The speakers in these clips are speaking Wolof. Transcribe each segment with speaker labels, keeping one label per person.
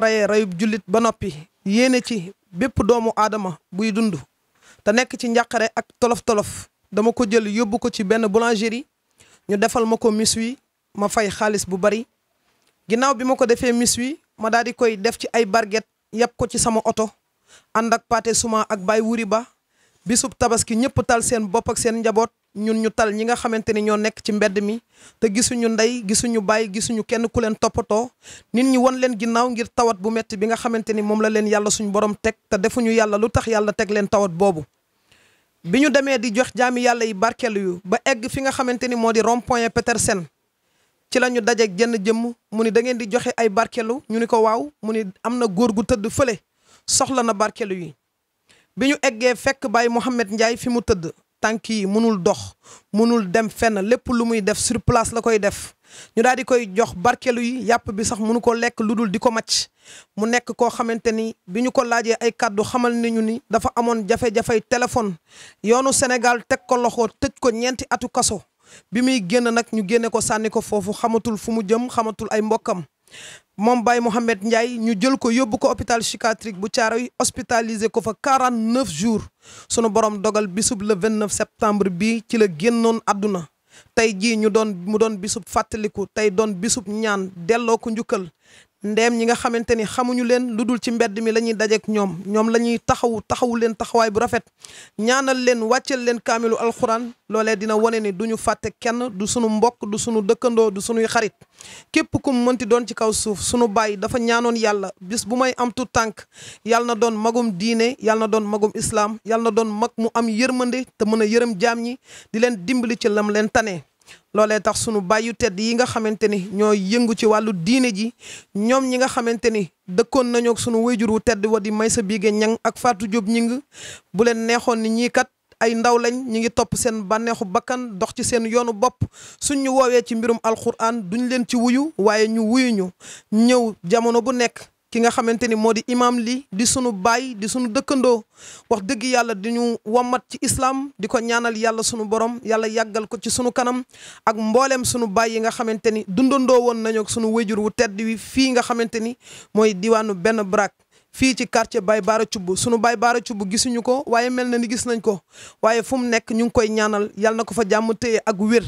Speaker 1: rayee reyub jullit ba noppi yéene ci bépp doomu aadama buy dund te nekk ci njàqare ak tolof-tolof dama ko jël yóbbu ko ci benn boulangerie ñu defal ma ko mis wi ma fay xaalis bu bari ginnaaw bi ma ko defee mis wi ma daal di koy def ci ay barget yàpp ko ci sama oto ànd ak pate suma ak bay wuri ba bisub tabaski ñëpp tal seen bopp ak seen njaboot ñun ñu tal ñi nga xamante ni ñoo nekk ci mbedd mi te gisuñu ndey gisuñu baay gisuñu kenn ku leen toppatoo nit ñi won leen ginnaaw ngir tawat bu metti bi nga xamante ni moom la leen yàlla suñu borom teg te defuñu yàlla lu tax yàlla teg leen tawat boobu bi ñu demee di jox jaami yàlla yi barkeelu yu ba egg fi nga xamante ni moo di rond point Petersen ci la ñu dajeeg jenn jëmm mu ni dangeen di joxe ay barkeelu ñu ni ko waaw mu ni am na góor gu tëdd fële soxla na barkeelu yi bi ñu eggee fekk Baye Mouhamed Ndiaye fi mu tëdd tànk yi mënul dox mënul dem fenn lépp lu muy def sur place la koy def ñu daal di koy jox barkelu yi yàpp bi sax munu ko lekk lu dul di ko macc mu nekk koo xamante ni bi ñu ko laajee ay kàddu xamal nañu ni dafa amoon jafe-jafey téléphone yoonu Sénégal teg ko loxo tëj ko ñeenti atu kaso bi muy génn nag ñu génne ko sànni ko foofu xamatul fu mu jëm xamatul ay mbokkam moom Baye Mohamed Ndiaye ñu jël ko yóbbu ko hôpital psychiatrique bu Thiaroye hospitalisé ko fa 49 jours sunu borom dogal bisub le 29 septembre bi ci la génnoon àdduna tey jii ñu doon mu doon bisub fàttaliku tey doon bisub ñaan delloo ko njukkal ndeem ñi nga xamante ni xamuñu leen lu dul ci mbedd mi la ñuy dajeek ñoom ñoom la ñuy taxawu taxawu leen taxawaay bu rafet ñaanal leen wàcceel leen kaamilu alxuraan loolee dina wane ni duñu fàtte kenn du sunu mbokk du sunu dëkkandoo du sunuy xarit képp kum mënti doon ci kaw suuf sunu baay dafa ñaanoon yàlla bis bu may am tu tànk yàlla na doon magum diine yàlla na doon magum islaam yàlla na doon mag mu am yërmënde te mën a yërëm jaam ñi di leen dimbali ci lam leen tane loolee tax sunu bàyyu tedd yi nga xamante ni ñoo yëngu ci wàllu diine ji ñoom ñi nga xamante ni dëkkoon nañoo ak sunu wayjur wu tedd wa di may sa Biige Ñang ak Fatou Diop ñing bu leen neexoon ni ñii kat ay ndaw lañ ñi ngi topp seen bànneexu bakkan dox ci seen yoonu bopp su ñu woowee ci mbirum alxuraan duñ leen ci wuyu waaye ñu wuyuñu ñu ñëw jamono bu nekk ki nga xamante ni moo di imaam li di sunu baay di sunu dëkkandoo wax dëgg yàlla di ñu wammat ci islam di ko ñaanal yàlla sunu borom yàlla yàggal ko ci sunu kanam ak mbooleem sunu baay yi nga xamante ni dundandoo woon nañu ak sunu wéjur wu tedd wi fii nga xamante ni mooy diwaanu benn brak fii ci quartier Baye Baara Cubb sunu Baye Baara Cubb gisuñu ko waaye mel na ni gis nañ ko waaye fu mu nekk ñu ngi koy ñaanal yal na ko fa jàmm téye ak wér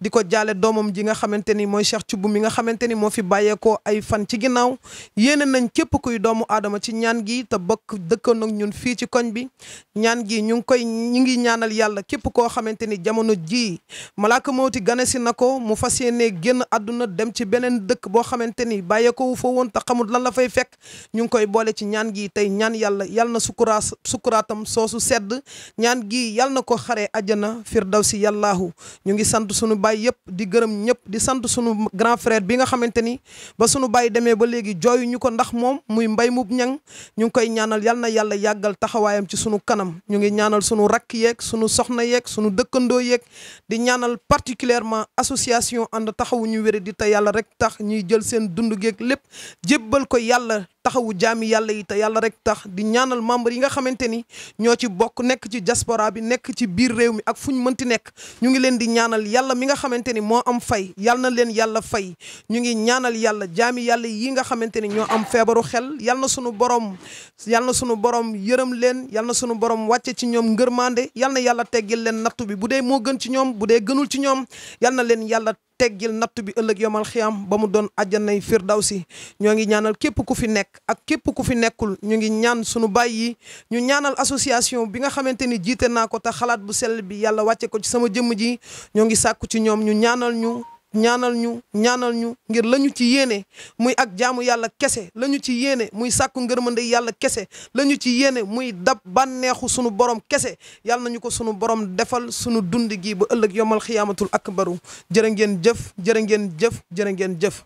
Speaker 1: di ko jaale doomam ji nga xamante ni mooy Cheikh Cubb mi nga xamante ni moo fi bàyyeekoo ay fan ci ginnaaw yéene nañ képp kuy doomu aadama ci ñaan gi te bokk dëkkoon ak ñun fii ci koñ bi ñaan gi ñu ngi koy ñu ngi ñaanal yàlla képp koo xamante ni jamono jii malaaka mawti ganesi na ko mu fas yéenee génn àdduna dem ci beneen dëkk boo xamante ni bàyyeekoo wu xamul lan la fay fekk ñu ngi koy boole ci ñaan gi tey ñaan yàlla yal na sukura sukuraatam soosu sedd ñaan gi yal na ko xaree àjjana si yàllaahu ñu ngi sant sunu baay yëpp di gërëm ñëpp di sant sunu grand frère bi nga xamante ni ba sunu baay demee ba léegi jooyu ñu ko ndax moom muy mbay mu ñang ñu ngi koy ñaanal yal na yàlla yàggal taxawaayam ci sunu kanam ñu ngi ñaanal sunu rakk yeeg sunu soxna yeeg sunu dëkkandoo yeeg di ñaanal particulièrement association ànd taxawuñu wéré di te yàlla rek tax ñuy jël seen dund geeg lépp jébbal ko yàlla taxawu jaami yàlla yi te yàlla rek tax di ñaanal membre yi nga xamante ni ñoo ci bokk nekk ci diaspora bi nekk ci biir réew mi ak fu ñu mënti nekk ñu ngi leen di ñaanal yàlla mi nga xamante ni moo am fay yàlla na leen yàlla fay ñu ngi ñaanal yàlla jaami yàlla yi nga xamante ni ñoo am feebaru xel yàlla na sunu borom yàlla na borom yërëm leen yàlla na sunu borom wàcce ci ñoom ngërmande yàlla na yàlla teggil leen nattu bi bu dee moo gën ci ñoom bu dee gënul ci ñoom yàlla na leen yàlla teggil natt bi ëllëg yomal xiyam ba mu doon àjjanay si ñoo ngi ñaanal képp ku fi nekk ak képp ku fi nekkul ñu ngi ñaan sunu baay yi ñu ñaanal association bi nga xamante ni jiite naa ko te xalaat bu sell bi yàlla wàcce ko ci sama jëmm ji ñoo ngi sàkku ci ñoom ñu ñaanal ñu ñaanal ñu ñaanal ñu ngir lañu ci yéene muy ak jaamu yàlla kese lañu ci yéene muy sàkku ngërmande yàlla kese la ñu ci yéene muy dab bànneexu sunu borom kese yàlla nañu ko sunu borom defal sunu dund gi ba ëllëg yomal xiyaamatul akbaru jërë ngeen jëf jërë ngeen jëf jërë ngeen jëf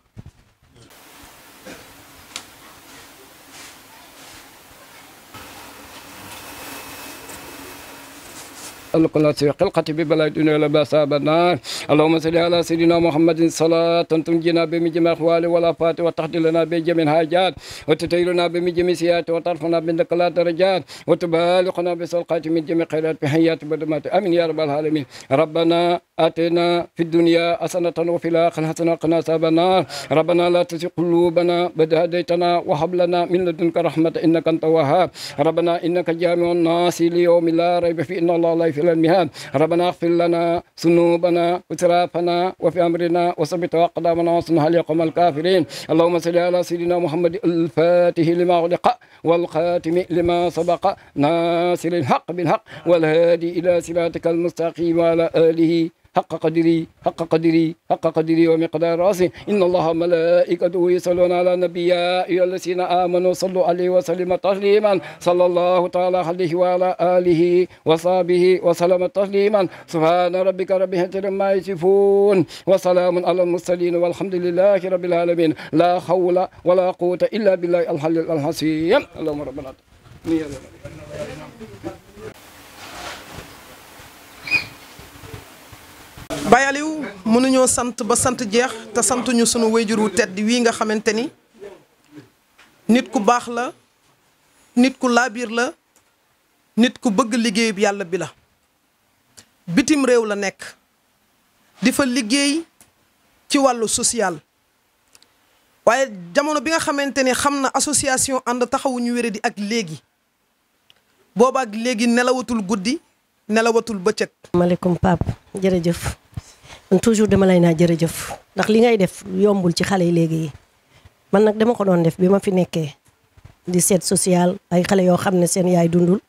Speaker 2: القلقة ببلادنا لباس أبدا اللهم صل على سيدنا محمد صلاة تنجينا بمجمع جميع الأحوال والآفات وتهدي لنا بجميع الحاجات وتطيلنا بمن جميع السيئات وترفعنا بنقل درجات وتبالغنا بسلقات من جميع خيرات بحيات بدمات آمين يا رب العالمين ربنا آتنا في الدنيا حسنة وفي الآخرة حسنة وقنا عذاب النار ربنا لا تزغ قلوبنا بعد هديتنا وهب لنا من لدنك رحمة إنك أنت الوهاب ربنا إنك جامع الناس ليوم لا ريب فيه إن الله لا يفلح إلى المهاد ربنا اغفر لنا ذنوبنا وترافنا وفي أمرنا وثبت أقدامنا وانصرنا على الكافرين اللهم صل على سيدنا محمد الفاتح لما أغلق والخاتم لما سبق ناصر الحق بالحق والهادي إلى صراطك المستقيم وعلى آله حق قدري حق قدري حق قدري ومقدار راسي إن الله ملائكته يصلون على النبي يا الذين آمنوا صلوا عليه وسلم تسليما صلى الله تعالى عليه وعلى آله وصحبه وسلم تسليما سبحان ربك رب العزة عما يصفون وسلام على المرسلين والحمد لله رب العالمين لا حول ولا قوة إلا بالله الحل
Speaker 1: الحسيم اللهم ربنا Baye Aliou mënuñoo sant ba sant jeex te santuñu sunu wayjur wu tedd wii nga xamante ni nit ku baax la nit ku laabiir la nit ku bëgg liggéeyub yàlla bi la bitim réew la nekk di fa liggéey ci wàllu social waaye jamono bi nga xamante ni xam na association ànd taxawuñu wéré di ak léegi boobaak léegi nelawatul guddi
Speaker 3: nelawatul bëccëg. maaleykum Pape jërëjëf. man toujours dama lay naa jërëjëf ndax li ngay def yombul ci xale yi léegi yi man nag dama ko doon def bi ma fi nekkee di seet social ay xale yoo xam ne seen yaay dundul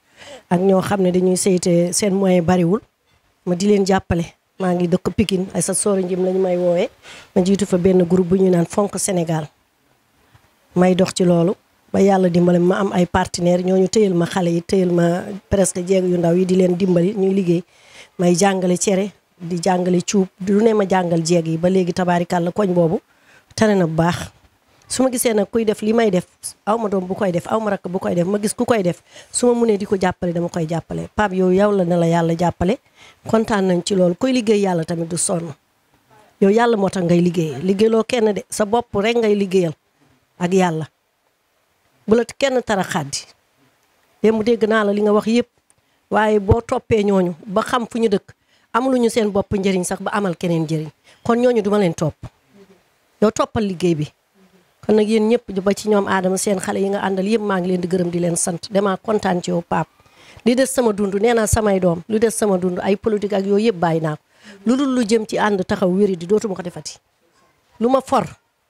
Speaker 3: ak ñoo xam ne dañuy sayte seen moyen bariwul ma di leen jàppale maa ngi dëkk Pikine ay sa soori njim lañu may woowee ma jiitu fa benn groupe bu ñu naan Fonk Sénégal may dox ci loolu ba yàlla dimbali ma am ay partenaires ñooñu tëyal ma xale yi tëyal ma presque jéeg yu ndaw yi di leen dimbali ñuy liggéey may jàngale cere di jàngale cuub du ne ma jàngal jeeg yi ba léegi la koñ boobu tane na bu baax su ma gisee nag kuy def lii may def aw ma doom bu koy def aw ma rakk bu koy def ma gis ku koy def su ma munee di ko jàppale dama koy jàppale pab yow yow la la yàlla jàppale kontaan nañ ci loolu kuy liggéey yàlla tamit du sonn yow yàlla moo tax ngay liggéey liggéeyloo kenn de sa bopp rek ngay liggéeyal ak yàlla bu la kenn tara xaddi démb dégg naa la li nga wax yëpp waaye boo toppee ñooñu ba xam fu ñu dëkk ñu seen bop njëriñ sax ba amal keneen njëriñ kon ñoñu duma leen top yo topal liggey bi kon nag yéen ñëpp ba ci ñom adam seen xalé yi nga andal yeb ma ngi leen di gërëm di leen sante dama kontaan ci yow pap li sama dundu neena samay dom lu des sama dundu ay politique ak yoy yeb bayina lu dul lu jëm ci and taxaw wëri di dootuma ko defati luma for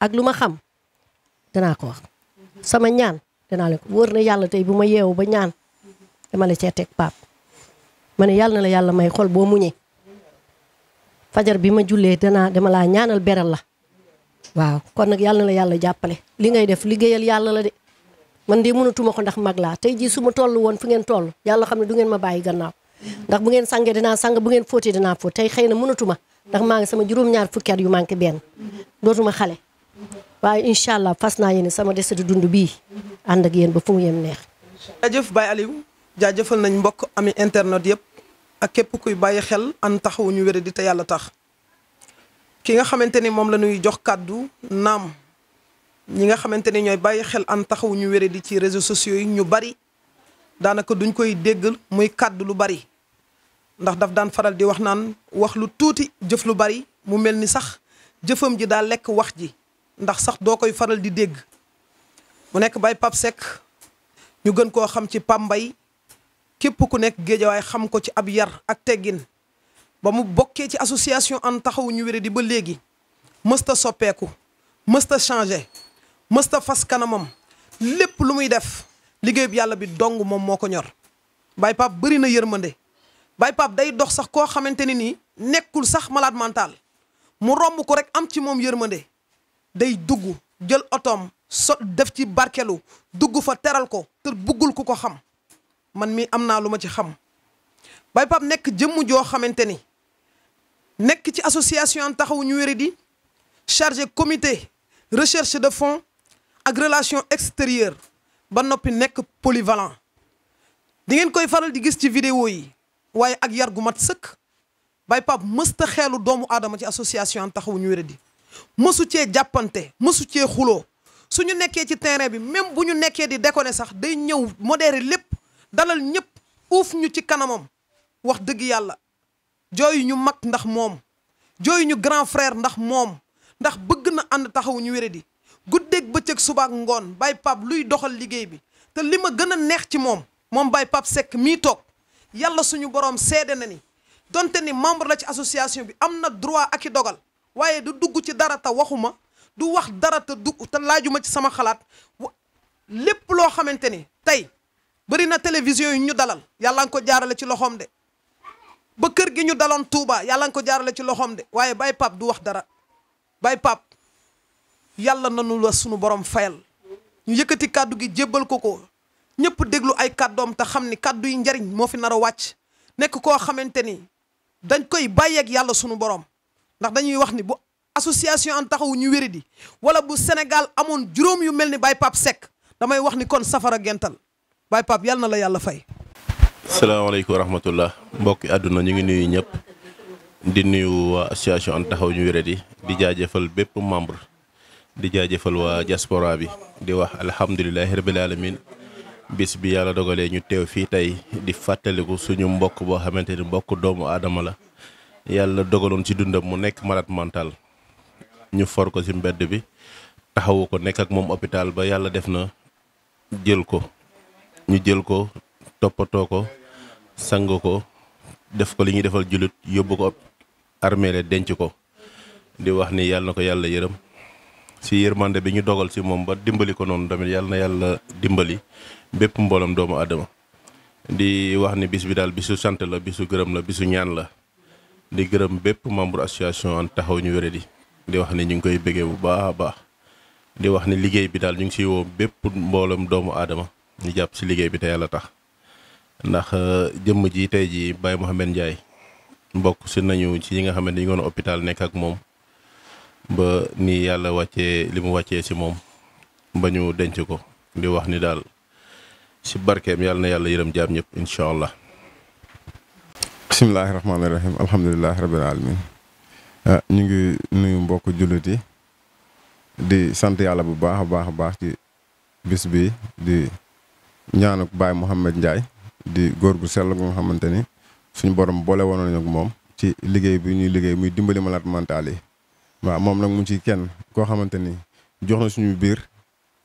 Speaker 3: ak luma xam dana ko wax sama ñaan dana leen ko na yàlla tey bu ma ba ñaan dama la ci tek pap mané yalla na la yalla may xol boo muñee fajar bi ma jullee danaa dama laa ñaanal beral la waaw kon nag yàlla na la yàlla jàppale li ngay def liggéeyal yàlla la de man de munatuma ko ndax mag laa tey jii su ma toll woon fu ngeen toll yàlla xam ne du ngeen ma bàyyi gannaaw ndax bu ngeen sangee danaa sàng bu ngeen fóotee dinaa fóot tey xëy na mënatuma ndax maa ngi sama juróom-ñaar fukki at yu manqué benn dootuma xale waaye incha allah fas naa yéene sama desati dund bii ànd ak yéen ba fu mu yem neex
Speaker 1: jaajëf Baye Aliou jaajëfal nañ mbokk ami internet yëpp ak képp kuy bàyyi xel an taxawu ñu wére di te yàlla tax ki nga xamante ni moom la jox kàddu naam ñi nga xamante ni ñooy bàyyi xel an taxawu ñu wére di ci réseaux sociaux yi ñu bari daanaka duñ koy dégg muy kàddu lu bari ndax daf daan faral di wax naan wax lu tuuti jëf lu bari mu mel ni sax jëfam ji daa lekk wax ji ndax sax doo koy faral di dégg mu nekk bay Pape Seck ñu gën koo xam ci Pape Mbaye képp ku nekk géejawaay xam ko ci ab yar ak teggin ba mu bokkee ci association an taxawu ñu wéré di ba léegi mësta soppeeku mësta changé mësta fas kanamam lépp lu muy def liggéeyub yàlla bi dong moom moo ko ñor Baye Pape bëri na yërmande Baye Pape day dox sax koo xamante ne nii nekkul sax malade mental mu romb ko rek am ci moom yërmande day dugg jël otoom so def ci barkelu dugg fa teral ko te buggul ku ko xam man mi amna luma ma ci xam bay pap nek jëm jo xamanteni nek ci association taxawu ñu wéradi chargé comité recherche de fonds ak relation extérieure ba nopi nek polyvalent di ngeen koy faral di gis ci vidéo yi waye ak yar gu mat sëkk bay pap mësta xeelu doomu aadama ci association taxawu ñu wéradi mësu ci jappanté mësu ci xulo suñu nekké ci terrain bi même bu ñu nekkee di déconné sax day ñëw modérer lépp dalal ñëpp uuf ñu ci kanamam wax dëgg yàlla jooyu ñu mag ndax moom jooyu ñu grand frère ndax moom ndax bëgg na ànd taxawu ñu wéradi guddeeg bëccëg ak ngoon bay Pape luy doxal liggéey bi te li ma gën a neex ci moom moom bay Pape sekk mii toog yàlla suñu borom seede na ni donte ni membre la ci association bi am na droit ak i dogal waaye du dugg ci dara te waxuma du wax dara te dugg te laajuma ci sama xalaat lépp loo xamante ni tey bari na télévision yi ñu dalal yàlla nga ko jaarale ci loxoom de ba kër gi ñu daloon Touba yàlla nga ko jaarale ci loxoom de waaye bay Pape du wax dara Baye Pape yàlla nanu la sunu borom fayal ñu yëkkati kàddu gi jébbal ko ko ñëpp déglu ay kàddoom te xam ni kàddu yi njariñ moo fi nar a wàcc nekk koo xamante ni dañ koy bàyyeek yàlla sunu borom ndax dañuy wax ni bu association an taxawu ñu wéri di wala bu Sénégal amoon juróom yu mel ni Baye pap Seck damay wax ni kon safara gental Baye pap yalla na la yalla fay.
Speaker 4: assalamu alaykum rahmatullah mbokki aduna ñu ngi nuyu ñep di nuyu waa association Ande taxaw ñu wéradi di jaajeufal bép membre di jaajeufal wa diaspora bi di wax alhamdullilah rabbil alamin bis bi yalla dogalé ñu tew fi tay di fàttaliku suñu mbokk bo xamanteni ni mbokk doomu adama la yalla dogalon ci dundam mu nek malade mental ñu for ko ci mbedd bi taxawu ko nekk ak mom hôpital ba yalla defna jël ko ñu jël ko topato ko sang ko def ko li ñi defal julit yobbu ko armée armeele denc ko di wax ni yalla nako yalla ci si bi ñu dogal si mom ba dimbali ko non dama yalla na yàlla dimbali bepp mbolam doomu adama di wax ni bis bi daal bisu sante la bisu gërem la bisu ñaan la di gërem bepp membre association en taxaw ñu wéré di di wax ni ñu ngi koy bëggé bu baax di wax ni liggéey bi dal ñu ngi siy woo doomu adama ñu jàpp si liggéey bi te yàlla tax ndax euh, jëmm ji tey ji Baye Mouhamed Ndiaye mbokk si nañu ci yi nga xam ne dañu hôpital nekk ak moom ba ni yàlla wàccee li mu wàccee si moom ba ñu denc ko di wax ni daal si barkeem yàlla na yàlla yërëm jaam ñëpp incha allah.
Speaker 5: bisimilahi rahmaani rahim alhamdulilahi rabil alamin ah, ñu ngi nuyu mbokk jullit yi di sant yàlla bu baax a baax a baax ci bis bi di ñaanuk Baye Mouhamed Ndiaye di góor gu sell gu nga xamante ni suñu borom boole woon ak moom ci liggéey bi ñuy liggéey muy dimbali malade mental yi waaw moom nag mu ci kenn koo xamante ni jox na suñu biir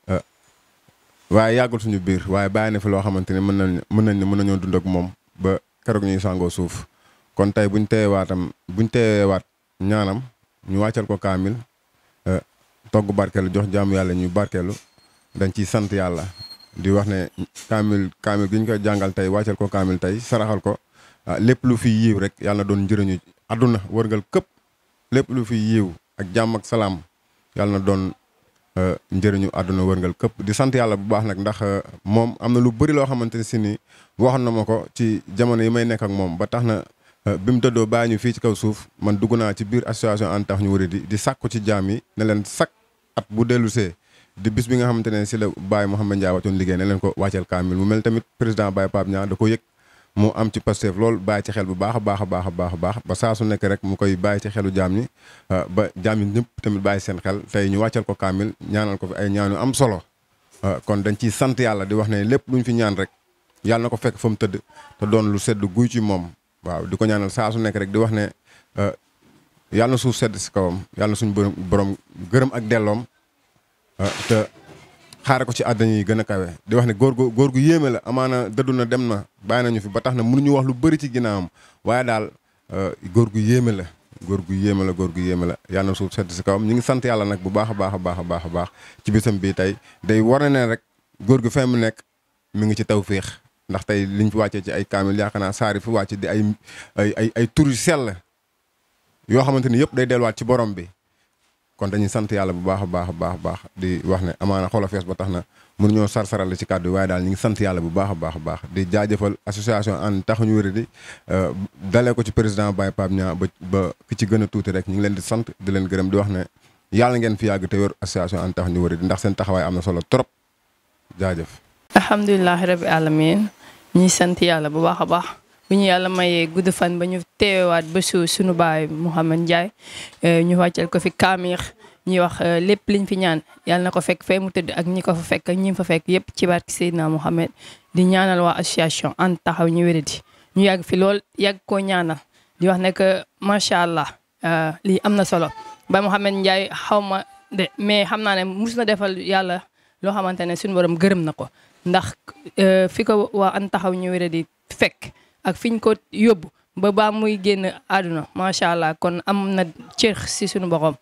Speaker 5: euh, waaye yàggul suñu biir waaye bàyyi na fi loo xamante ni mën nañ mën nañ ne mën nañoo dund ak moom ba keroog ñuy sàngoo suuf kon tey buñ teewaatam buñ teewaat ñaanam ñu wàccal ko kaamil euh, togg barkeelu jox jaamu yàlla ñu barkeelu dañ ciy sant yàlla di wax ne kaamil kaamil gi ñu koy jàngal tey wàccal ko kaamil tey saraxal ko ah, lépp lu fi yiiw rek yàlla na doon njëriñu àdduna wërngal këpp lépp lu fi yiiw ak jàmm ak salaam yàlla na doon eh, njëriñu àdduna wërngal këpp di sant yàlla bu baax nag ndax eh, moom am na lu bëri loo xamante ne si ni waxoon na ma ko ci jamono yi may nekk ak moom ba tax na eh, bi mu tëddoo baa ñu fii ci kaw suuf man dugg naa ci biir association Ande Taxawu ñu Wëradi di sàkku ci jaam yi ne leen sakk at bu dellusee di bis bi nga xamante ne si la Baye Mouhamed Ndiaye wàccoon liggéey ne leen ko wàcceel kaamil mu mel tamit président Baye Pape Niang da ko yëg mu am ci Pastef lool bàyyi ci xel bu baax baax a baax baax baax ba saa su nekk rek mu koy bàyyi ci xelu jaam ñi ah, ba jaam ñëpp tamit bàyyi seen xel tey ñu wàccal ko kaamil ñaanal ko fi ay ñaanu am solo ah, kon dañ ciy sant yàlla di wax ne lépp luñ fi ñaan rek yàlla na ko fekk fa mu tëdd te doon lu sedd guy ci moom waaw di ko ñaanal saa su nekk rek di wax ne ah, yàlla na sedd si kawam yàlla na suñu borom gërëm ak delloom Ah, te xaare ko ci àddina yi gën a kawe di wax ne góor gu góor gu yéeme la amaana dëddu na dem na bàyyi nañu fi ba tax na ñu wax lu bëri ci ginnaawam waaye daal ah, góor gu yéeme la góor gu yéeme la góor gu yéeme la yàlla suuf sedd si kawam ñu ngi sant yàlla nag bu baax a baax a baax a baax a baax ci bisam bii tey day war na ne rek góor gu fee mu nekk mu ngi ci tawféex ndax tey liñ fi wàccee ci ay kaamil yaakaar naa saari fi wàccee di ay ay ay ay tur sell yoo xamante ni yëpp day delluwaat ci borom bi kon dañu sant yàlla bu baax a baax a baax a baax di wax ne amaana xol a ba tax na mënu ñoo sarsarale ci kàddu waaye daal ñu sant yàlla bu baax a baax a baax di jaajëfal association ànd taxuñu wéri di euh, dalee ko ci président Baye Pape Niang ba ba ki ci gën a tuuti rek ñu ngi leen di sant di leen gërëm di wax ne yàlla ngeen fi yàgg te wér association ànd taxuñu wéri di ndax seen taxawaay am na solo trop jaajëf
Speaker 6: alhamdulilah rabbi alamin ñi sant yàlla bu baax a baax bu ñu yàlla mayee gudd fan ba ñu teewaat bésu sunu baay Mouhamed Ndiaye euh, ñu wàcceel ko fi kaamir ñuy wax euh, lépp ñu fi ñaan yàlla na ko fekk fee mu tëdd ak ñi ko fa fekk ak ñi fa fekk yëpp ci barke Seydina Mouhamed di ñaanal waa association ànd taxaw ñu wéradi ñu yàgg fi lool yàgg koo ñaanal di wax ne que macha allah euh, lii am na solo Baye Mouhamed Ndiaye xaw ma de mais xam naa ne mus na defal yàlla loo xamante ne suñu borom gërëm na ko ndax fi ko waa ànd taxaw ñu wéradi fekk. ak fi ko yóbbu ba ba muy génn àdduna macha allah kon am na cër si sunu boppam.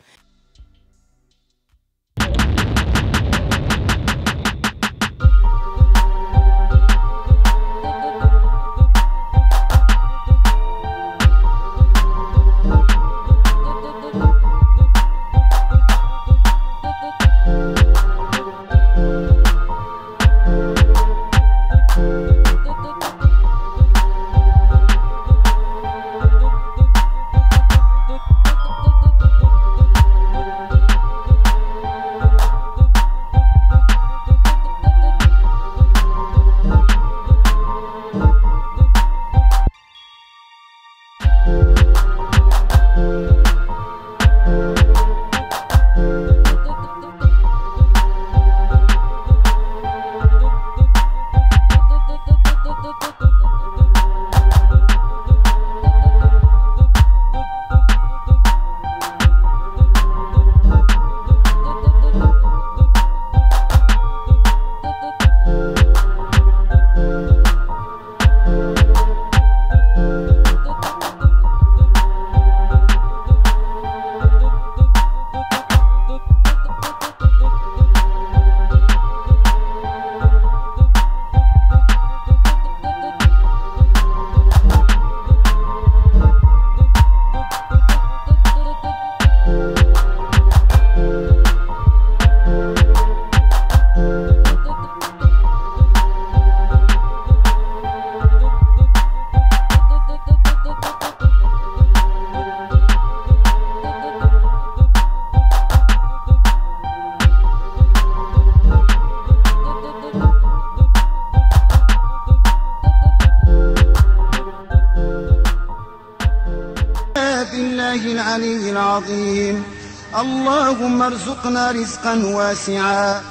Speaker 7: وارزقنا رزقا واسعا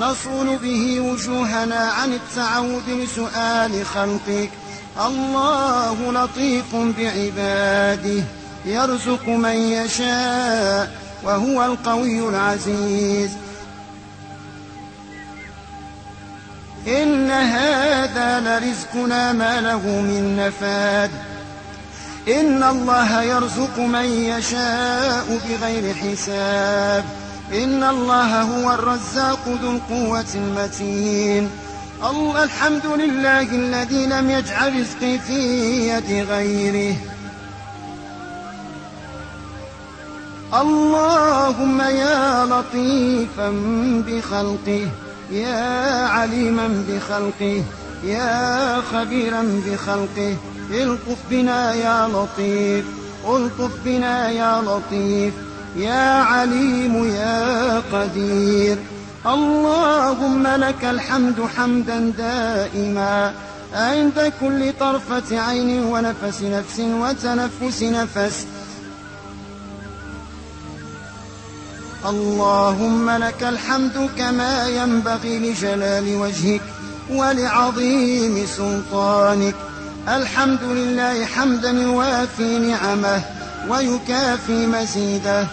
Speaker 7: نصون به وجوهنا عن التعود لسؤال خلقك الله لطيف بعباده يرزق من يشاء وهو القوي العزيز إن هذا لرزقنا ما له من نفاد إن الله يرزق من يشاء بغير حساب إن الله هو الرزاق ذو القوة المتين الحمد لله الذي لم يجعل رزقي في يد غيره اللهم يا لطيفا بخلقه يا عليما بخلقه يا خبيرا بخلقه الطف بنا يا لطيف الطف بنا يا لطيف يا عليم يا قدير اللهم لك الحمد حمدا دائما عند كل طرفة عين ونفس نفس وتنفس نفس اللهم لك الحمد كما ينبغي لجلال وجهك ولعظيم سلطانك الحمد لله حمدا يوافي نعمه ويكافي مزيده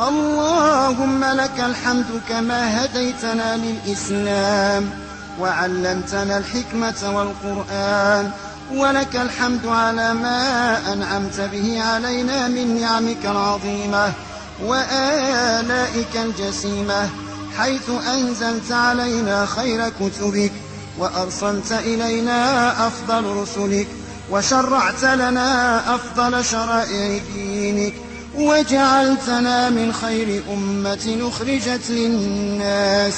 Speaker 7: اللهم لك الحمد كما هديتنا للإسلام وعلمتنا الحكمة والقرآن ولك الحمد على ما أنعمت به علينا من نعمك العظيمة وآلائك الجسيمة حيث أنزلت علينا خير كتبك وأرسلت إلينا أفضل رسلك وشرعت لنا أفضل شرائع دينك وجعلتنا من خير أمة أخرجت للناس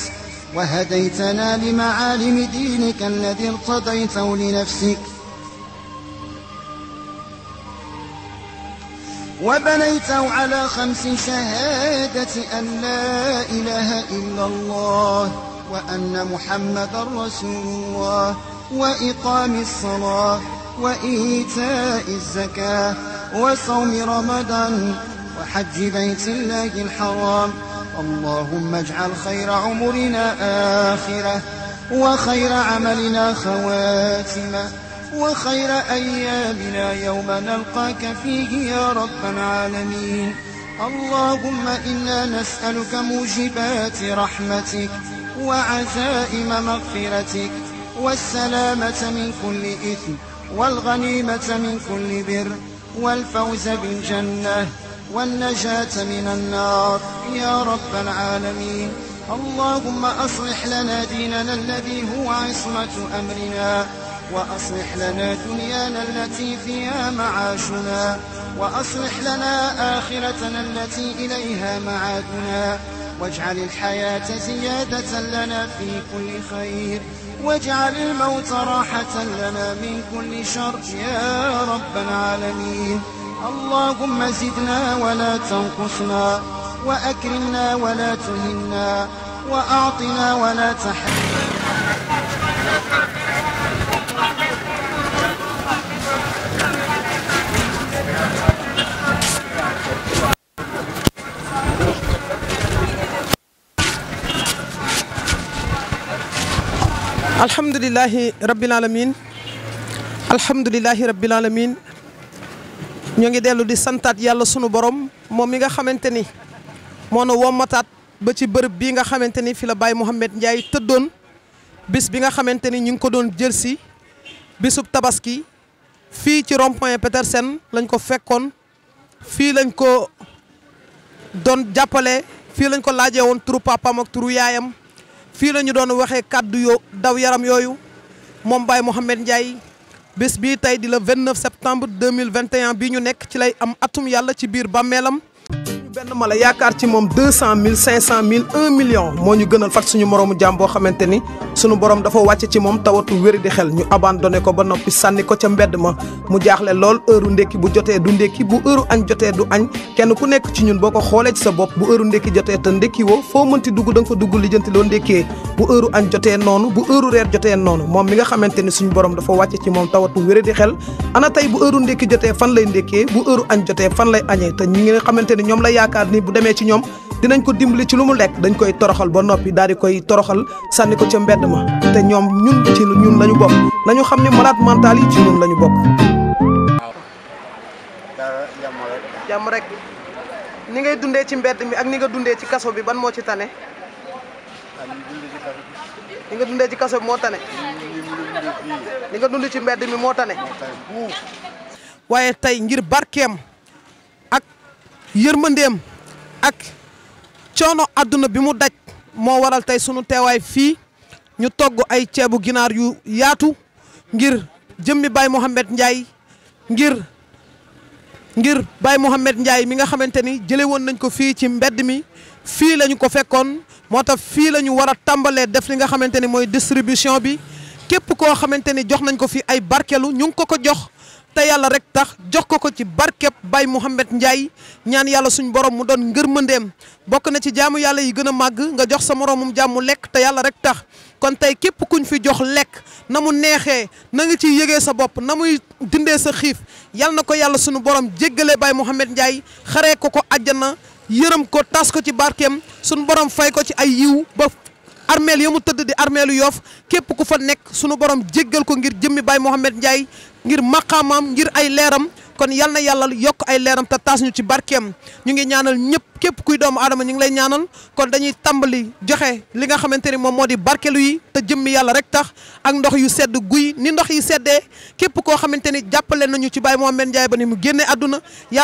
Speaker 7: وهديتنا لمعالم دينك الذي ارتضيته لنفسك وبنيته على خمس شهادة أن لا إله إلا الله وأن محمدا رسول الله وإقام الصلاة وإيتاء الزكاة وصوم رمضان وحج بيت الله الحرام اللهم اجعل خير عمرنا آخرة وخير عملنا خواتمة وخير أيامنا يوم نلقاك فيه يا رب العالمين اللهم إنا نسألك موجبات رحمتك وعزائم مغفرتك والسلامة من كل إثم والغنيمة من كل بر والفوز بالجنة والنجاة من النار يا رب العالمين اللهم أصلح لنا ديننا الذي هو عصمة أمرنا وأصلح لنا دنيانا التي فيها معاشنا وأصلح لنا آخرتنا التي إليها معادنا واجعل الحياة زيادة لنا في كل خير واجعل الموت راحة لنا من كل شر يا رب العالمين اللهم زدنا ولا تنقصنا وأكرمنا ولا تهنا وأعطنا ولا تحرمنا
Speaker 1: alhamdulillahi rabbil alamin alhamdulillahi rabbil alamin ñu ngi dellu di santat yalla suñu borom mom mi nga xamanteni ni no nu ba ci bërëb bi nga xamanteni ni fi la bay mohammed ndjay teddon bis bi nga xamanteni ni ñu ngi ko doon jël bisub tabaski fi ci rond point Petersen lañ ko fekkon fi lañ ko doon jappalé fi lañ ko lajé won turu papa mak turu yaayam fii la ñu doon waxee kàddu yoo daw yaram yooyu moom Baye Mouhamed Ndiaye bés bii tey di la 29 septembre 2021 bii ñu nekk ci lay am atum yàlla ci biir bàmmeelam benn mala yaakaar ci moom deux cent mille boo ko ba noppi sànni ko ca mbedd ma mu jaaxle lool heure ndékki bu jotee du ndékki bu heure añ jotee du añ kenn da nga ko dugg lijjanti loo ndékkee bu heure añ jotee mi nga xamante suñu borom dafa wàcc ci moom tawatu wéri xel ana tey bu heure ndékki jotee fan lay ndékkee bu heure añ jotee fan lay añee te ñi nga xamante ñoom la yaakaar ni bu demee ci ñoom dinañ ko dimbali ci lu mu lekk dañ koy toroxal ba noppi daal di koy toroxal sànni ko ca mbedd ma te ñoom ñun ci ñun lañu bokk nañu xam ne malade mental yi ci ñun lañu bokk jàmm rek ni ngay dundee ci mbedd mi ak ni nga dundee ci kaso bi ban moo ci tane ni nga dundee ci kaso bi moo tane ni nga dund ci mbedd mi moo tane waaye tey ngir barkeem yërmandeem ak coono àdduna bi mu daj moo waral tey sunu teewaay fii ñu togg ay ceebu ginaar yu yaatu ngir jëmmi baay Mouhamed Ndiaye ngir ngir Baye Mouhamed Ndiaye mi nga xamante ni jëlee nañ ko fii ci mbedd mi fii la ko fekkoon moo tax fii la ñu war a tàmbalee def li nga xamante ni mooy distribution bi képp koo xamante ni jox nañ ko fii ay barkellu ñu ngi ko ko jox te yàlla rek tax jox ko ko ci barkeb bay Mouhamed Ndiaye ñaan yàlla suñ borom mu doon ngërmandeem bokk na ci jaamu yàlla yi gën a màgg nga jox sa moroomum jàmmu lekk te yàlla rek tax kon tey képp ku ñu fi jox lekk na mu neexee na nga ciy yëge sa bopp na muy dindee sa xiif yàlla na ko yàlla suñu borom jéggalee bay Mouhamed Ndiaye xaree ko ko àjjana yërëm ko tas ko ci barkeem suñu borom fay ko ci ay yiw ba armeel ya mu tëdd di armeelu yoof képp ku fa nekk suñu borom jéggal ko ngir jëmmi Baye Mouhamed Ndiaye ngir maqaamaam ngir ay leeram kon yalna yalla yok ay leeram ta tass ñu ci barkem ñu ngi ñaanal ñepp kep kuy doom adam ñu ngi lay ñaanal kon dañuy tambali joxe li nga xamanteni mom modi di barkelu yi te jëmmi yalla rek tax ak ndox yu sedd guuy ni ndox yu seddee kep ko xamanteni ni nañu ci Baye Mohamed Ndiaye ba mu génnee àdduna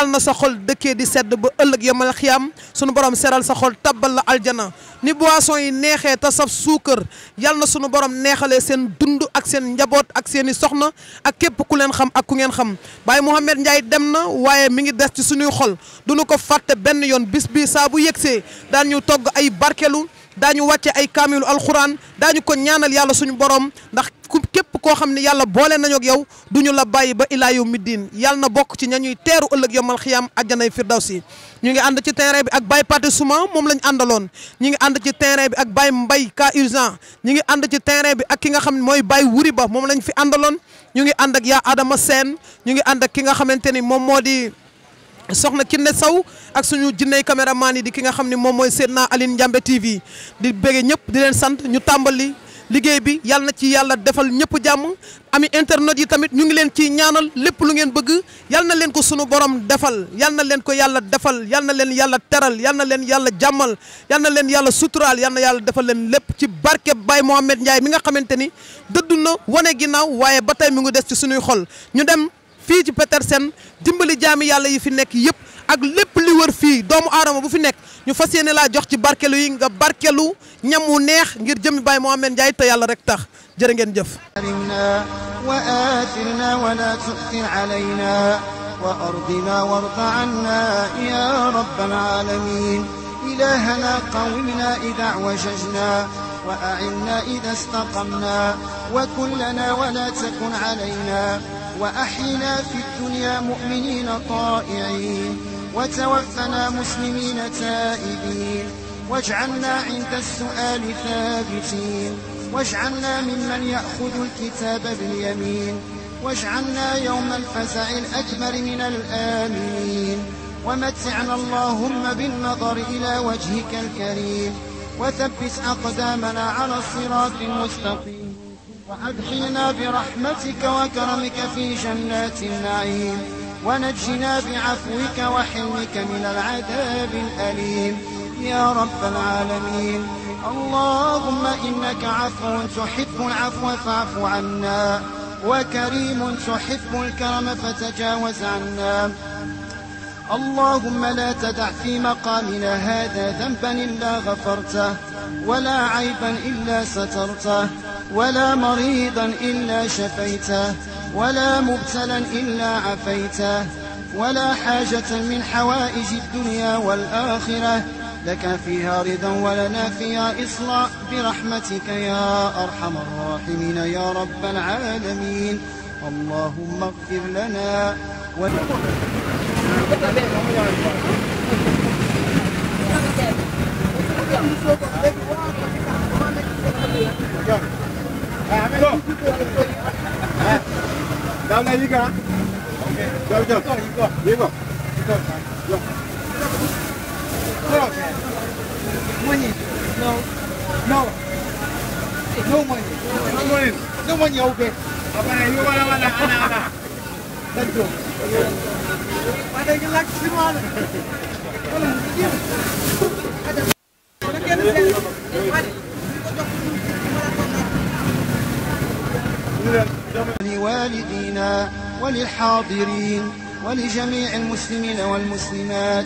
Speaker 1: na sa xol dekké di sedd ba yamal xiyam suñu borom seral sa xol tabbal la aljana ni boisson yi nexé ta saf suukar nehe na sunu borom nexalé sen dundu ak sen njabot ak seen soxna ak kep ku len xam ak ku ngeen xam Baye Ndiaye dem na waaye mi ngi des ci suñuy xol duñu ko fàtte benn yoon bis bi saa bu yegsee daan ñu togg ay barkelu daañu wàcce ay kaamilu alxuraan daañu ko ñaanal yàlla suñu borom ndax ku képp koo xam ni yàlla boole nañu ak yow du la bàyyi ba ilaa yow middin yàlla na bokk ci ña ñuy teeru ëllëg yomal xiyaam àjjanay si ñu ngi ànd ci terrain bi ak Baye Paté suma moom lañ àndaloon ñu ngi ànd ci terrain bi ak Baye Mbay ka urgent ñu ngi ànd ci terrain bi ak ki nga xam mooy Baye Wuri Ba moom lañ fi àndaloon ñu ngi ànd ak yaa Adama seen ñu ngi ànd ak ki nga xamante ni moom moo di soxna Kiné saw ak suñu jinney caméraman yi di ki nga xam ni moom mooy Seydina Aline Ndiambe TV di bëgge ñëpp di leen sant ñu tàmbali liggéey bi yàlla na ci yàlla defal ñëpp jàmm ami internet yi tamit ñu ngi leen ci ñaanal lépp lu ngeen bëgg yàlla na leen ko sunu borom defal yàlla na leen ko yàlla defal yàlla na leen yàlla teral yàlla na leen yàlla jàmmal yàlla na leen yàlla suturaal yàlla na yàlla defal leen lépp ci barke Baye Mohamed Ndiaye mi nga xamante ni dëddu na wane ginnaaw waaye ba tey mu ngi des ci suñuy xol ñu dem fii ci Petersen dimbali jaami yàlla yi fi nekk yëpp ak lépp li wër fi doomu adama bu fi nek ñu fassiyene la jox ci barkelu yi nga barkelu ñamu neex ngir jëmi bay mo amene jaay te yàlla rek tax jërë ngeen jëf
Speaker 7: وآثرنا ولا تؤثر علينا وأرضنا وارض عنا ya رب alamin إلهنا قومنا إذا عوججنا وأعنا إذا استقمنا وكلنا ولا تكن علينا وأحينا في الدنيا مؤمنين طائعين وتوفنا مسلمين تائبين واجعلنا عند السؤال ثابتين واجعلنا ممن يأخذ الكتاب باليمين واجعلنا يوم الفزع الأكبر من الآمنين ومتعنا اللهم بالنظر إلى وجهك الكريم وثبت أقدامنا على الصراط المستقيم وأدخلنا برحمتك وكرمك في جنات النعيم ونجنا بعفوك وحلمك من العذاب الأليم يا رب العالمين اللهم إنك عفو تحب العفو فاعف عنا وكريم تحب الكرم فتجاوز عنا اللهم لا تدع في مقامنا هذا ذنبا إلا غفرته ولا عيبا إلا سترته ولا مريضا إلا شفيته ولا مبتلا إلا عفيته ولا حاجة من حوائج الدنيا والآخرة لك فيها رضا ولنا فيها إصلاء برحمتك يا أرحم الراحمين يا رب العالمين اللهم اغفر لنا ولنا
Speaker 5: 来一个啊！要不要？一个一个一个，要。多少钱？Money? No.
Speaker 7: No. No money. No money. No money. Okay.
Speaker 1: Apa nak? You mana mana? Anak anak. Tentu.
Speaker 7: لوالدينا وللحاضرين ولجميع المسلمين والمسلمات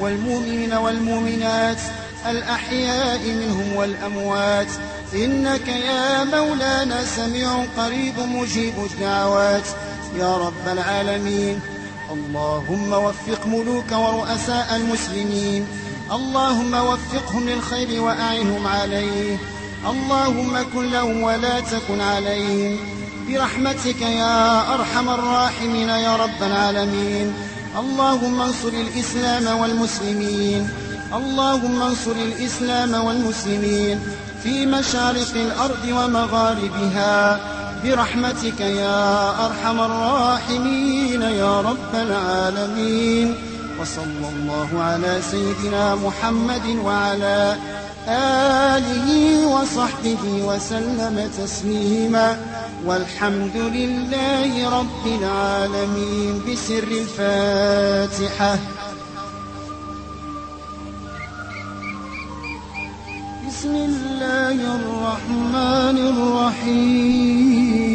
Speaker 7: والمؤمنين والمؤمنات الأحياء منهم والأموات إنك يا مولانا سميع قريب مجيب الدعوات يا رب العالمين اللهم وفق ملوك ورؤساء المسلمين اللهم وفقهم للخير وأعنهم عليه اللهم كن لهم ولا تكن عليهم برحمتك يا أرحم الراحمين يا رب العالمين اللهم انصر الإسلام والمسلمين اللهم انصر الإسلام والمسلمين في مشارق الأرض ومغاربها برحمتك يا أرحم الراحمين يا رب العالمين وصلى الله على سيدنا محمد وعلى آله وصحبه وسلم تسليما والحمد لله رب العالمين بسر الفاتحة بسم الله الله الرحمن الرحيم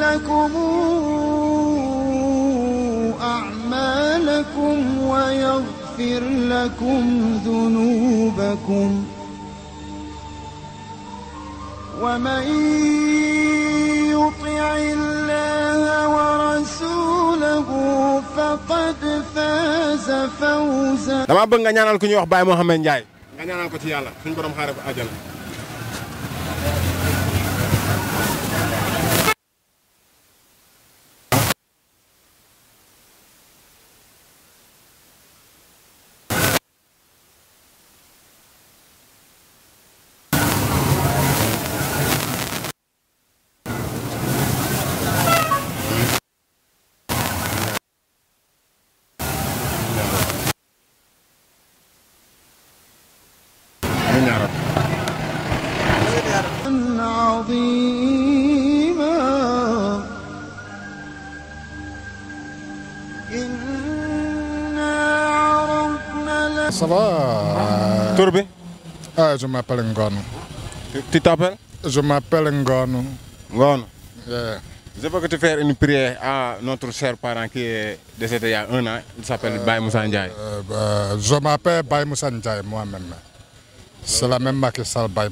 Speaker 7: لكم أعمالكم ويغفر لكم ذنوبكم ومن يطع
Speaker 8: الله ورسوله فقد فاز
Speaker 5: فوزا تمام بنغا نانال محمد
Speaker 9: je m'appelle Ngono. Tu, t'appelles Je m'appelle Ngono. Ngono
Speaker 5: Je veux que tu fasses une prière à notre cher parent qui est décédé il y a un an. Il s'appelle euh, Baye euh,
Speaker 9: euh, je m'appelle Baye Moussa moi-même. C'est la même marque que ça, Baye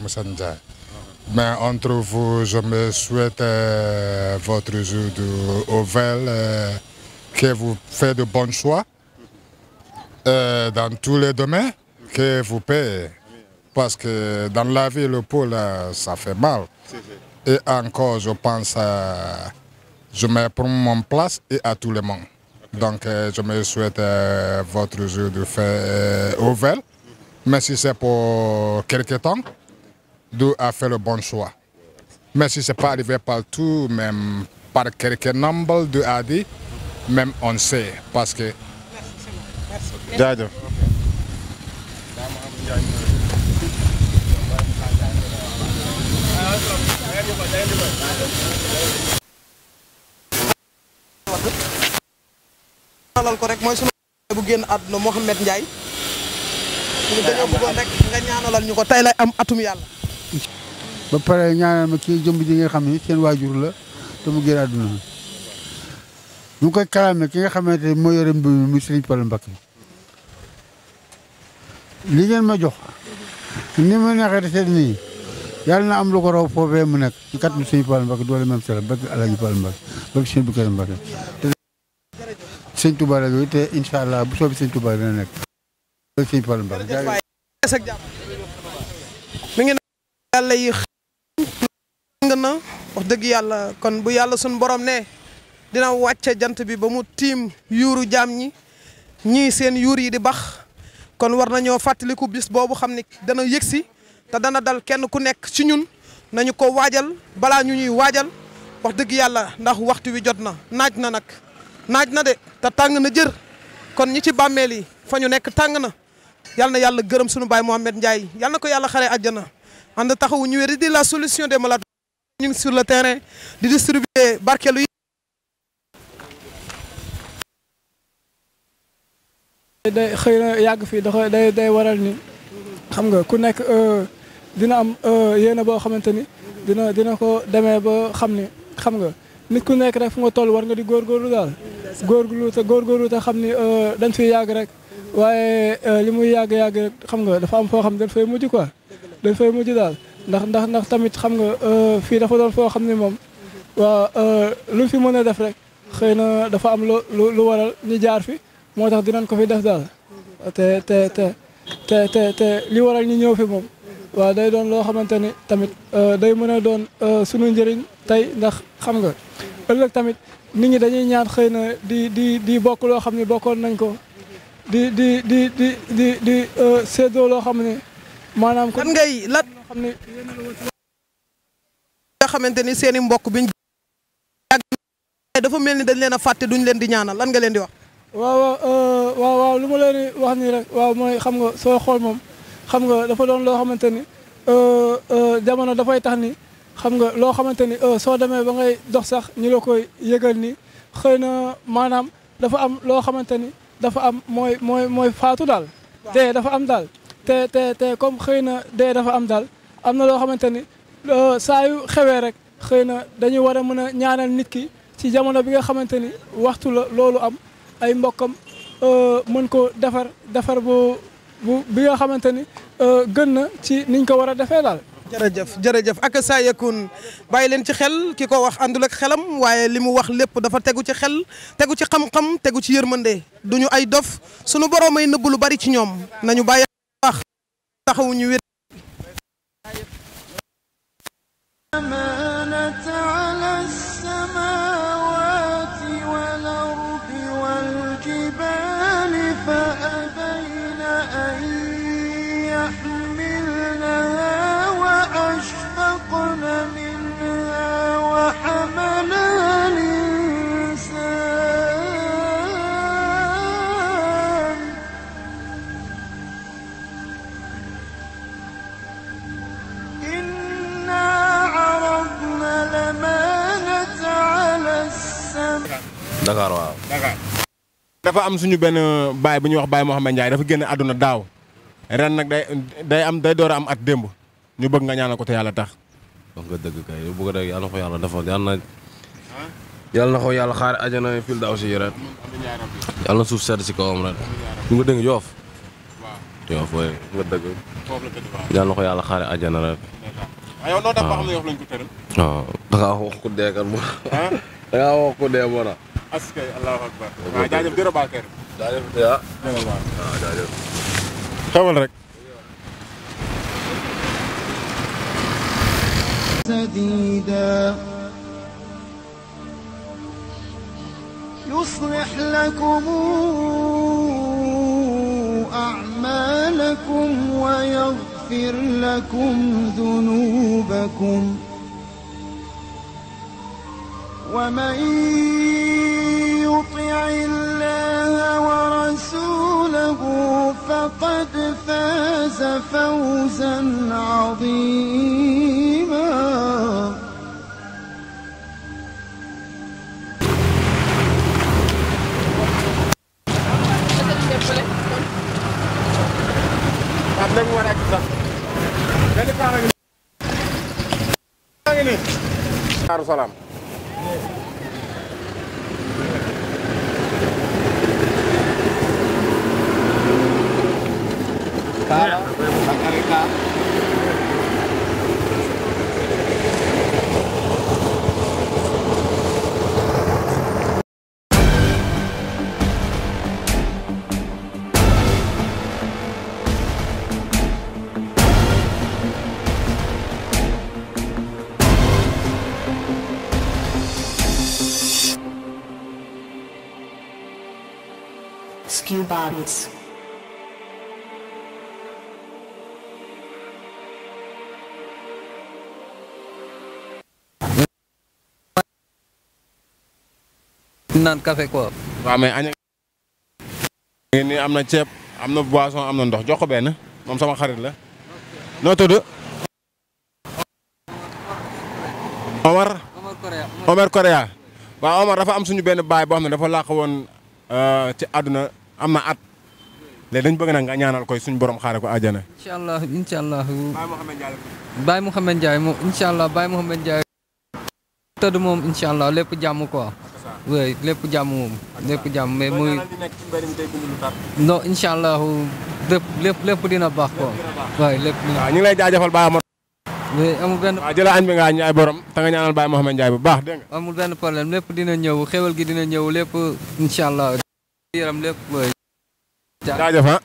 Speaker 9: Mais entre vous, je me souhaite euh, votre jour de Ovel, que vous faites de bons choix dans tous les domaines, que vous payez parce que dans la vie, le pôle, ça fait mal. Et encore, je pense, je me prends mon place et à tout le monde. Donc, euh, je me souhaite euh, votre jeu de faire ouvert. Mais si c'est pour quelques temps, d'où a fait le bon choix. Mais si ce n'est pas arrivé partout, même par quelques nombres, de a même on sait. Parce que.
Speaker 5: Merci.
Speaker 1: alal ko rek mooy sunu bu génn àdduna Mouhamed Ndiaye ñu dañoo bëggoon rek nga ñaanalal lay am atum yàlla
Speaker 5: ba pare ñaanal ma kii jëmb ji nga xam seen waajur la te mu génn àdduna ñu koy kalaame ki nga xamante ne moo Serigne Mbacké li ngeen ma jox ni ma neexee di seet nii yàlla na am lu ko foofee mu nekk ci kàttan suñu Fall Mbacké doole même sala bëgg Alaaji Fall Mbacké te incha allah bu soobee sëñ Touba dina nekk bëgg suñu Fall
Speaker 9: Mbacké
Speaker 1: mi ngi yàlla yi nga na wax dëgg yàlla kon bu yàlla suñu borom ne dina wàcce jant bi ba mu tiim yuuru jaam ñi ñii seen yuur yi di bax kon war na nañoo fàttaliku bis boobu xam ne dana yëgsi te dana dal kenn ku nekk ci ñun nañu ko waajal balaa ñu ñuy waajal wax dëgg yàlla ndax waxtu wi jot na naaj na nag naaj na de te tàng na jër kon ñi ci bàmmeel yi fa ñu nekk tàng na yal yàlla gërëm sunu baay Mohamed Ndiaye yal na ko yàlla xaree àjjana ànd taxawu ñu wér di la solution des malades ñu ngi sur le terrain di distribuer barkeelu
Speaker 10: day xëy na yàgg fii dafa day day waral ni xam nga ku nekk euh, dina am euh, yéene boo xamante ni dina dina ko demee ba xam ni xam nga nit ku nekk rek fu nga toll war nga di góorgóorlu daal góorgóorlu te góorgóorlu te xam ni euh, dañ fi yàgg rek waaye li muy yàgg-yàgg rek xam nga dafa am foo xam dañ fay mujj quoi dañ fay mujj daal ndax ndax ndax tamit xam nga fii dafa doon foo xam ni moom waaw lu fi mën a def rek xëy na dafa am lu lu waral ñu jaar fi moo tax dinañ ko fi def daal te te te te li waral ñu ñëw fi moom waaw day doon loo xamante ni tamit euh, day mën a doon euh, sunu njëriñ tey ndax xam nga ëllëg tamit nit ñi dañuy ñaan xëy na di di di bokk loo xam ne bokkoon nañ ko di
Speaker 1: di di di di euh, loo xam ne maanaam lan ngay lan xam ne nga xamante ni seen i mbokk biñ dafa mel ni dañ leen a fàtte duñ leen di ñaanal lan nga leen di wax Euh, waaw waaw lu ma
Speaker 10: leen wax nii rek waaw mooy xam nga soo xool moom xam nga dafa doon loo xamante ni euh, euh, jamono dafay tax ni xam nga loo xamante ni soo demee ba ngay dox sax ñu la koy yëgal ni xëy na maanaam dafa am loo xamante ni dafa am mooy mooy mooy faatu daal. dee dafa am daal te te te comme xëy na dee dafa am daal am na loo xamante ni saa yu xewee rek xëy na dañuy war a mën a ñaanal nit ki ci jamono bi nga xamante ni waxtu la loolu am. ay mbokkam euh, mën ko defar
Speaker 1: defar bu bi nga xamante ni euh, gën na ci niñ ko war a defee daal. jërëjëf jërëjëf ak saa yëkkun bàyyi leen ci xel ki ko wax àndul ak xelam waaye li mu wax lépp dafa tegu ci xel tegu ci xam-xam tegu ci yërmande duñu ay dof sunu borom ay nëbb lu bari ci ñoom nañu bàyyi baax taxawuñu wér.
Speaker 5: dafa am suñu ben bay buñu wax Baay mohammed ndjay dafa genn aduna daw ren nak day day am day door am at demb ñu bëgg nga ñaan ko te yalla tax. wax nga dëgg kay bu ko dëgg yalla ko yalla dafa yàlla na yalla na ko yàlla xaar aduna fi daw ci ren yalla na suuf sedd si kawam ren ñu nga
Speaker 4: dëgg yoof yoof waaye nga dëgg yàlla na ko yàlla xaar lañ ko waaw
Speaker 2: waaw da nga wax ko dee mo da nga wax ku dee moo kan
Speaker 5: الله اكبر جاجب ديرو باكر جاجب يا جاجب تمام آه، رك
Speaker 7: سديدا يصلح لكم اعمالكم ويغفر لكم ذنوبكم ومن
Speaker 8: يطع الله ورسوله فقد فاز فوزا عظيما
Speaker 5: Salam. Gardens. nan café quoi. waaw mais añ ngi nii amna na ceeb boisson amna ndox jox ko benn sama xarit la. No tudd. Omar. Omar Korea. Omar Korea. waaw Omar dafa am suñu ben baye bo xamne dafa laq won euh ci aduna am at le dañ bëgg na nga ñaanal koy suñu borom xaare ko aljana
Speaker 2: inshallah inshallah bay muhammad ndjay bay muhammad ndjay Mouhamed Ndiaye moom incha allah Baye Mouhamed Ndiaye. tëdd moom incha allah lépp jàmm quoi. oui lépp mais muy. no inshallah lepp lepp lépp dina bax ko waaw lepp dina ñu lay jaajëfal bay amul
Speaker 5: wey amul ben wa jëla añ bi nga ñay borom ta nga ñaanal bay muhammad ndjay bu baax de
Speaker 2: nga. amul ben problème lepp dina ñew xewal gi dina ñew lepp inshallah yaram lépp mooy jaajëf ah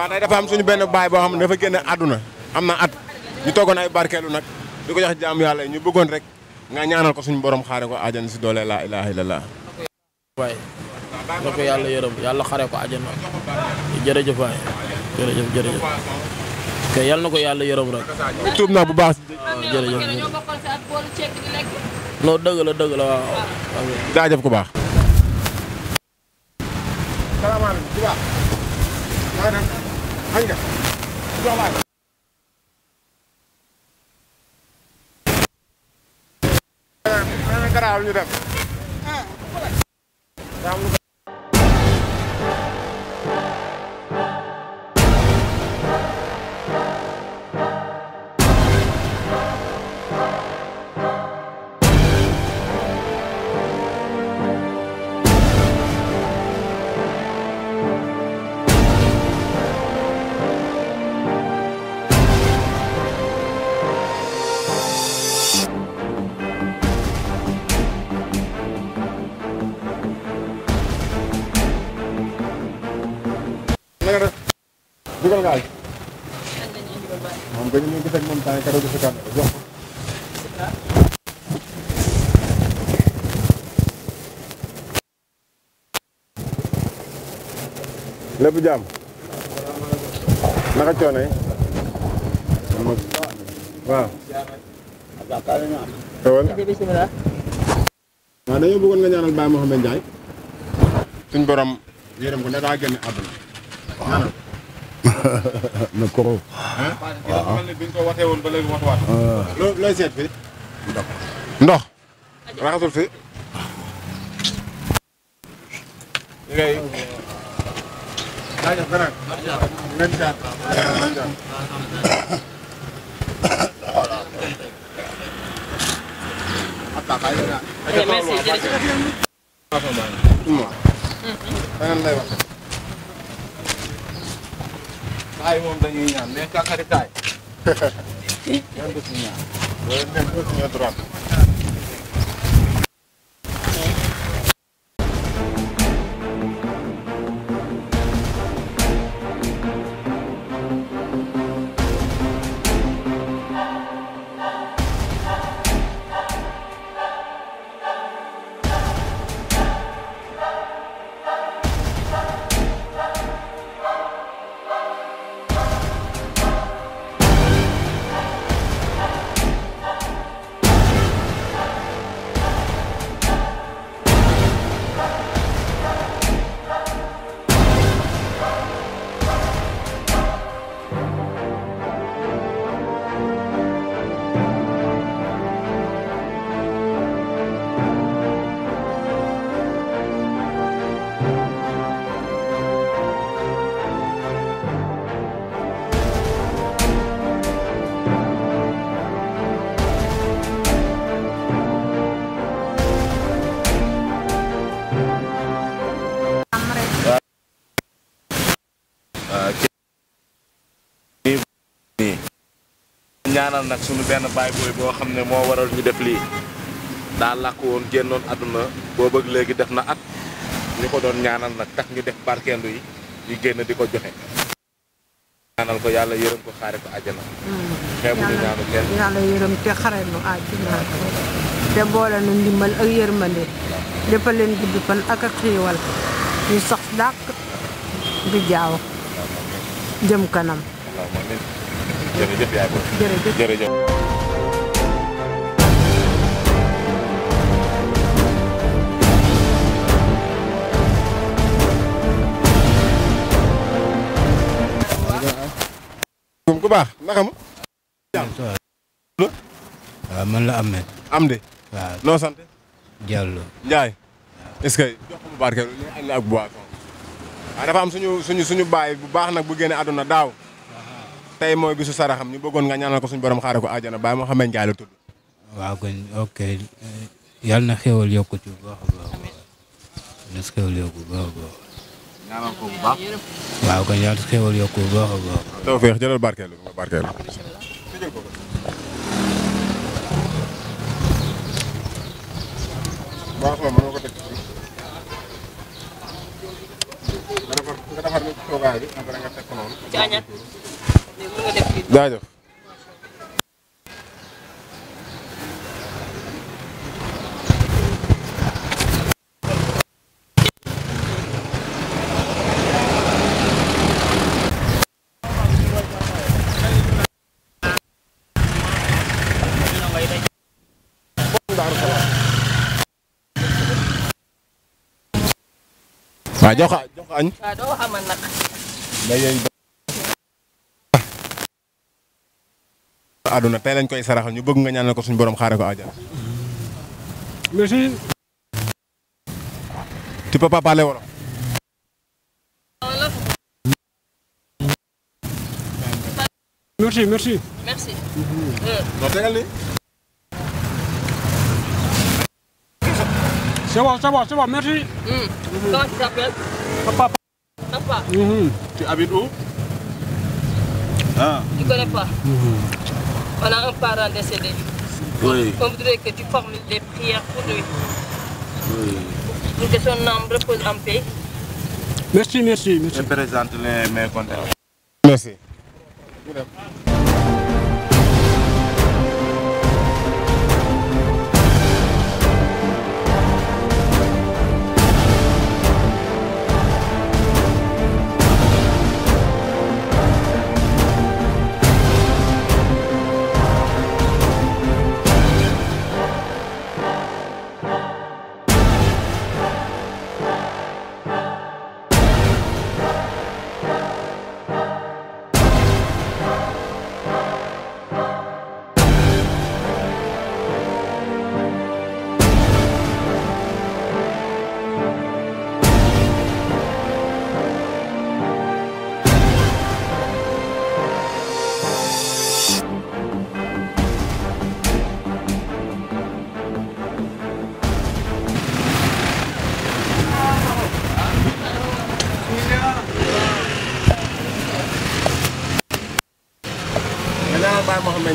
Speaker 5: waaw tey dafa am suñu benn baay boo xam ne dafa génn àdduna am na at ñu toogoon ay barkeelu nag di ko jox jaamu yàlla ñu bëggoon rek nga ñaanal ko suñu borom xaare ko àjjana si doole laa ilaha illallah. waay na ko yàlla
Speaker 4: yërëm yàlla xaare ko àjjana jërëjëf na ko yàlla yërëm rek. tuub naa bu baax. waaw jërëjëf dëgg la dëgg ku baax.
Speaker 5: xam nga jox laa ko garaawal ñu dem bu jaam naka coono waaw
Speaker 6: dañoo
Speaker 5: bëggoon nga ñaanal Baye Mouhamed Ndiaye suñ borom ne daa génn
Speaker 2: ah. seet fi ndox
Speaker 5: ndox fi waaye moom dañuy ñaan mais kàqari taay. yan bés ñu ñaan. loolu
Speaker 4: ñaanal nak suñu benn bay boy bo xamne mo waral ñu def lii daa làkk won gennon aduna bo bëgg léegi def na at ñu ko doon ñaanal nak tax ñu def barkendu yi di genn diko joxe ñaanal ko yalla yërëm ko xaare ko
Speaker 3: aljana àjjana mm. xeebuñu ñaanu kenn
Speaker 1: yalla yërëm te xare nu aljana te boole nu ndimbal ak yërmande defal leen gudd fan ak ak xiwal ñu sax dak di jaaw jëm kanam
Speaker 5: amin jërëjëf yaay booy. jërëjëf jërëjëf. ku baax naka man la Ameth. Amady. waaw noo sant. Diallo. Ndiaye. est-ce que jox ko mu ak bu baax. waaw am suñu suñu suñu baay bu baax nag bu génne àdduna daaw. tey mooy bisu saraxam ñu bëggoon nga ñaanal ko suñu borom xaare ko àjjana Baye Mouhamed Ndiaye la tudd. waaw kon ok yàlla na xéwal yokku
Speaker 2: ci bu baax a baax
Speaker 5: na xéwal yokku
Speaker 2: bu baax a baax. ñaanal ko bu baax.
Speaker 5: waaw kon yàlla xéwal yokku bu baax a baax. tawfeex jëlal barkeelu nga barkeelu. baax na mën nga ko teg ci suuf nga defar nga defar toogaay bi après nga teg ko noonu. jaajëf. waaw jox ko jox ko añ.
Speaker 6: waaw doo xamal
Speaker 5: nag. aduna tay lañ koy saraxal ñu bëgg nga ñaanal ko suñu borom ko àjjana. merci. tu peux pas parler wala merci merci. merci. c'est bon c'est merci. Hmm. comment tu t'appelles? Papa. Papa. Mm-hmm. tu habites où? ah. tu connais
Speaker 6: mm-hmm. on a un parent décédé. Oui. On voudrait que tu formules des prières pour lui. Oui. Pour que son âme repose en paix. Merci,
Speaker 4: merci, monsieur. Je présente les, mes Merci.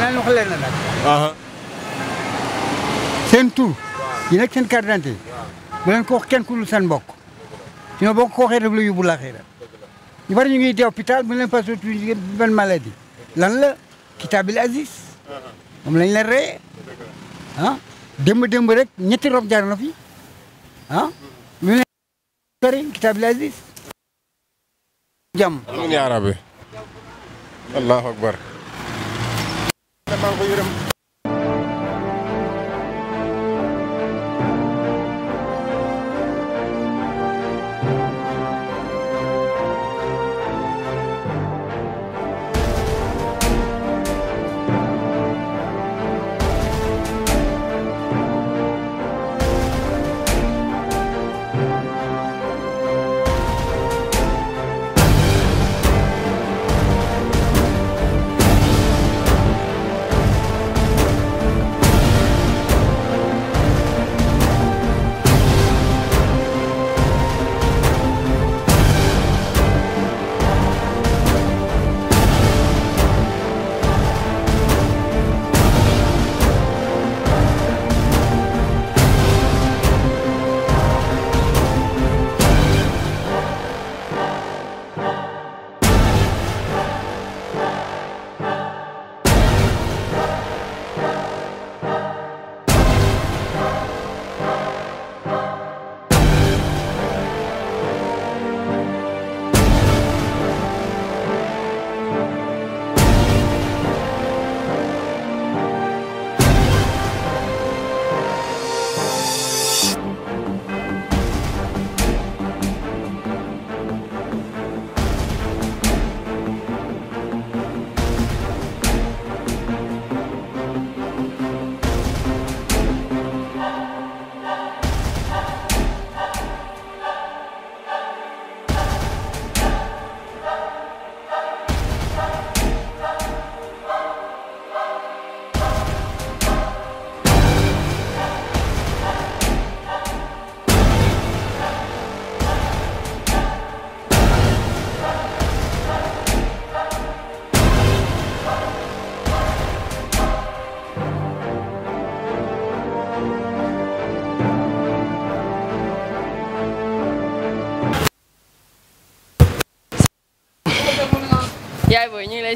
Speaker 5: danaa wax leen nag. seen tur yi nekk seen carte d'identité bu leen ko kenn ku dul seen
Speaker 7: mbokk sinon bokk ko waxee daf la yóbbu ñu bari ñu ngi dee hôpital bu leen parce que bi benn maladie lan la kitaabil aziz moom lañ leen reyee ah démb démb rek ñetti rob jaar na fi ah ñu
Speaker 5: ne kitaabil aziz jàmm yaa rabbi الله أكبر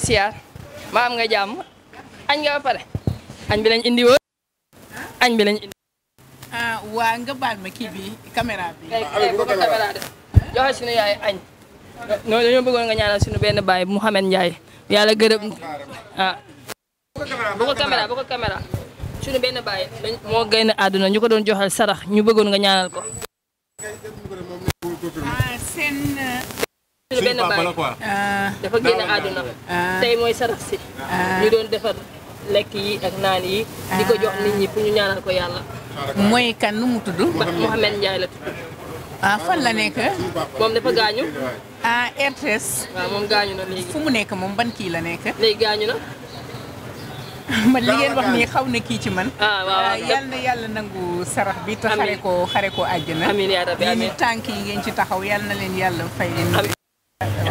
Speaker 6: siar ma am nga jam añ nga pare añ bi lañ indi wo añ bi lañ indi ah wa nga bal ma ki bi caméra bi joxe suñu yaay añ no dañu bëggoon nga ñaanal suñu benn baay muhammed Ndiaye yalla gërëm ah bu ko caméra bu ko caméra suñu benn baay mo génn aduna ñuko doon joxal sarax ñu bëggoon nga ñaanal ko suñu benn ah. dafa génn àdduna ah. tey mooy sarax si ah. ñu doon defar lekk yi ak naan yi di ko jox nit ñi pour ñu ñaanal ko yàlla
Speaker 3: mooy kan nu mu tudd Mohamed
Speaker 6: Ndiaye la la nekk moom dafa gaañu ah RTS waaw na fu mu nekk moom ban kii la nekk léegi gaañu na man li ngeen wax nii xaw na kii ci man. ah waaw yal na yàlla nangu sarax bi. te xare ko xare ko àjjana. amiin yaa tànk yi ngeen ci taxaw yal na leen yàlla fay leen.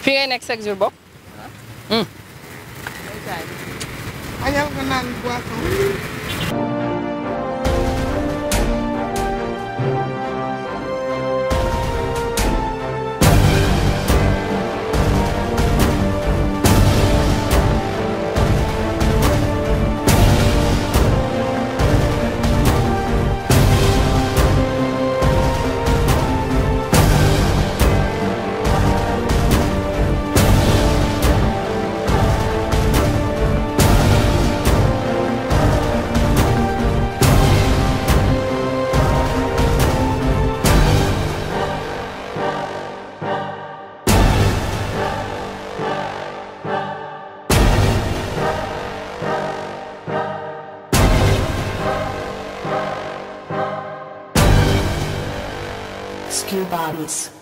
Speaker 6: fi ngay nekk chaque jour bokk. waaw. Ah. Hmm.
Speaker 8: añal ko
Speaker 9: Paris.